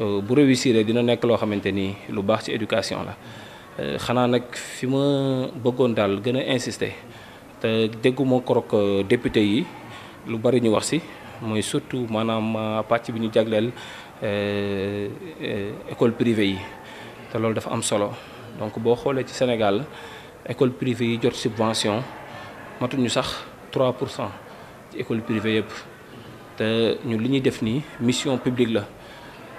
Euh, bu réussir dina nek lo xamanteni lu bax ci éducation la euh, xanaa nak fima ma dal gëna insister te dégguma croque euh, député yi lu bari ñu wax ci moy surtout manam pàcc bi ñu jagleel école privée yi te lool dafa am solo donc bo xolé ci Sénégal école privée yi jot subvention matu ñu sax 3 ci école privée yëpp te ñu li ñuy def ni mission publique la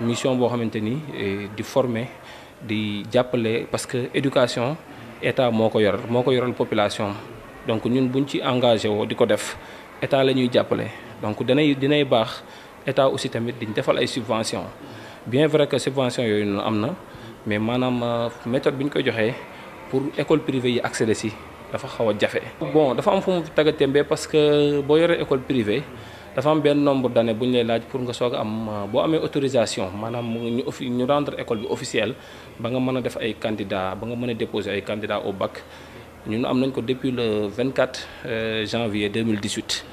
mission bo xamanteni eh, di former di jappelé parce que éducation état moko yor moko moo yoral population donc ñun buñ ci engagé wo diko def état lañuy jappelé donc danay dinay bax état aussi tamit diñ défal ay subvention bien vrai que subvention yoy euh, ñu amna mais manam méthode biñ ko joxé pour école privée yi accéder si dafa xawa jafé bon dafa am fu mu taggatémbee parce que bo yoré école privée dafa am benn nombre d'années bu ñu lay laaj pour nga soog am euh, boo amee autorisation maanaam ñu offi ñu rendre école bi officielle ba nga mën a def ay candidats ba nga mën a déposer ay candidats au bac ñun am nañ ko depuis le 24 euh, janvier 2018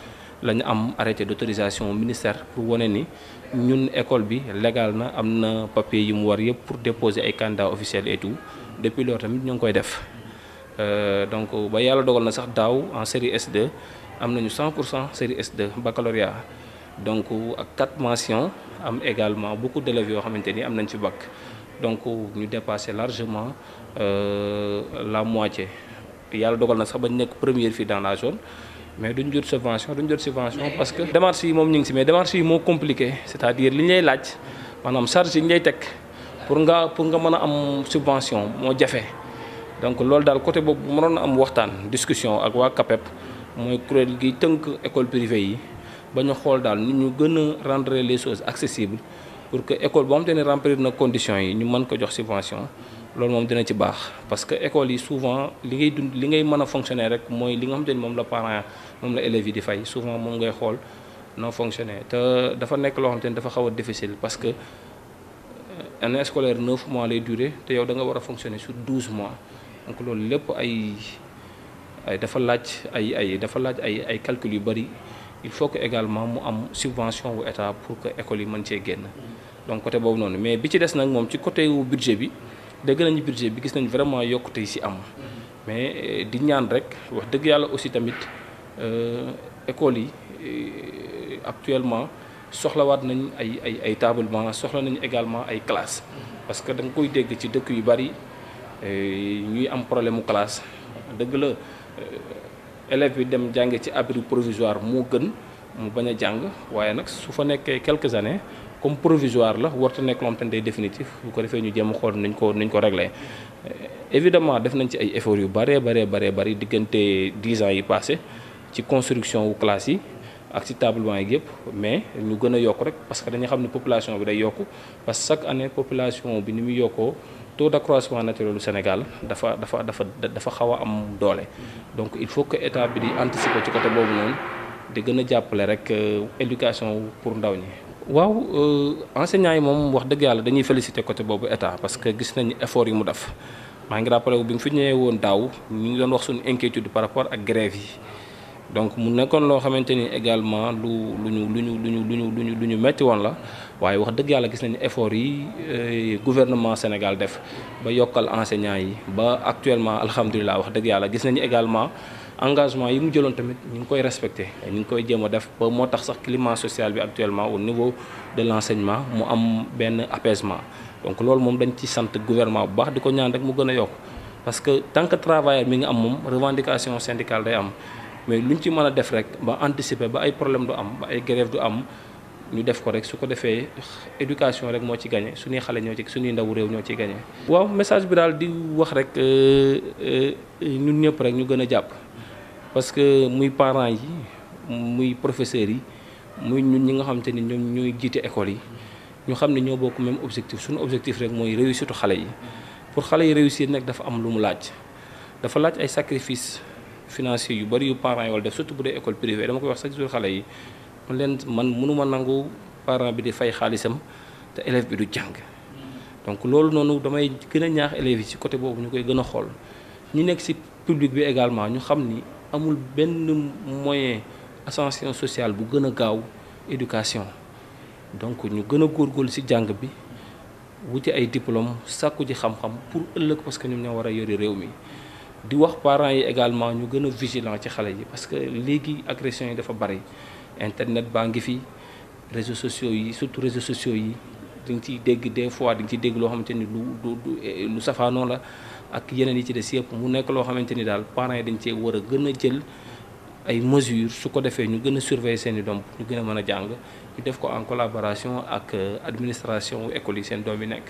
la am arrêté d'autorisation ministère pour wane ni ñun école bi légal na am na papier yi mu war yëpp pour déposer ay candidats officiel et tout depuis loolu tamit ñu ngi koy def. Euh, donc euh, ba yalla dogal na sax daw en série S2 am nañu 100 série S2 baccalauréat donc euh, ak quatre mentions am également beaucoup d'élèves yo xamanteni ni am nañ ci bac donc ñu dépassé largement la moitié yalla dogal na sax ba nekk première fille dans la zone mais duñ jot subvention duñ jot subvention parce que démarche yi moom ñu mais démarche yi moo compliqué c'est-à-dire li ñu lay laaj manam charge yi ñu lay pour nga pour nga mën am subvention mo jafé donc loolu daal côté boobu mënoon na am waxtaan discussion ak waa CAPEP mooy kuréel gi tënk école privée yi ba ñu xool daal nu ñu gën a rendre les choses accessibles pour que école boo xam te remplir na conditions yi ñu mën ko jox subvention loolu moom dina ci baax parce que école yi souvent li ngay dund li ngay mën a fonctionner rek mooy li nga xam te ni moom la parent moom la élèves di fay souvent moom ngay xool non fonctionner te dafa nekk loo xam te ni dafa xaw difficile parce que euh, année scolaire 9 mois les durer te yow da nga war fonctionner sur 12 mois donc loolu lépp ay ay dafa laaj ay ay dafa laaj ay ay calcul yu bëri il faut que également mu am subvention wu état pour que école yi mën cee génn donc côté boobu noonu mais bi ci des nag moom ci côté wu budget bi dëgg nañu budget bi gis nañ vraiment yokkute yi si am mais euh, di ñaan rek wax dëgg yàlla aussi tamit euh, écoles yi euh, actuellement soxlawaat nañ ay ay ay table soxla nañ également ay classe parce que da nga koy dégg ci dëkk yu bari Eh, ñuy am problème mu classe dëgg la eh, élève bi dem jànge ci abri provisoire moo gën mu bañ a jàng waaye nag su fa nekkee quelques années comme provisoire la warta nekk loo xam te ne day définitif bu ko defee ñu jéem xool nañ ko nañ ko réglé eh, évidemment def nañ ci ay efforts yu bëree baree baree bëri diggante dix ans yi passé ci construction wu classe yi ak ci tablement yi yëpp mais ñu gën a yokk rek parce que dañu xam ne population bi day yokk parce que chaque année population bi ni muy yokkoo taux d'accroissement naturel au Sénégal dafa dafa dafa dafa xawa am doole donc il faut que état bi di anticiper ci côté bobu noonu de gëna jappalé rek euh, éducation pour ndaw ñi. waaw euh, enseignants yi moom wax dëgg yàlla dañuy féliciter côté boobu état parce que gis nañ effort yi mu def maa ngi rappelé bi mu fi ñëwee woon daaw ñu ngi doon wax suñu inquiétude par rapport ak grève yi. donc mu nekkoon loo xamante ni également lu lu ñu lu ñu lu ñu lu ñu lu ñu metti woon la waaye wax dëgg yàlla gis nañu effort yi euh, gouvernement Sénégal def ba yokkal enseignants yi ba actuellement alhamdulilah wax dëgg yàlla gis nañu également engagement yi mu jëloon tamit ñu ngi koy respecté ñu ngi koy jéem a def ba moo tax sax climat social bi actuellement au niveau de l' enseignement mu am benn apaisement donc loolu moom dañ ci sant gouvernement bu baax di ko ñaan rek mu gën a yokk parce que tant que travailleur mi ngi am moom revendication syndicale day am mais luñ ci mën a def rek ba anticiper ba ay problème du am ba ay grève du am ñu def ko rek su ko defee éducation rek moo ci gagné suñuy xale ñoo ci suñuy ndawu réew ñoo ci gagné. waaw message bi daal di wax rek euh, euh, ñun ñëpp rek ñu gën a jàpp parce que muy parent yi muy professeurs yi muy ñun ñi nga xamante ni ñoom ñooy jiite école yi ñu xam ne ñoo bokk même objectif suñu objectif rek mooy réussite xale yi pour xale yi réussir nag dafa am lu mu laaj dafa laaj ay sacrifice financier yu bari yu parents yi wala def surtout bu dee école privée dama koy wax chaque jour xale yi. man leen man mënuma nangu parent bi di fay xaalisam te élève bi du jàng donc loolu noonu damay gën a ñaax élèves yi ci côté boobu ñu koy gën a xool ñu nekk ci public bi également ñu xam ni amul benn moyen ascension sociale bu gën a gaaw éducation donc ñu gën a góorgóorlu ci jàng bi wuti ay diplôme sàkku ji xam-xam pour ëllëg parce que ñoom ñoo war a yore réew mi di wax parents yi également ñu gën a vigilant ci xale yi parce que léegi agression yi dafa bari internet baa ngi fi réseaux sociaux yi surtout réseaux sociaux yi di ci ciy dégg des fois di ci ciy dégg loo xamante ni lu lu eh, lu safaanoo la ak yeneen yi ci des yëpp mu nekk loo xamante ni daal parents yi dañ cee war a gën a jël ay mesures su ko defee ñu gën a surveiller seeni doom ñu gën a mën a jàng ñu def ko en collaboration ak euh, administration école yi seen doom yi nekk.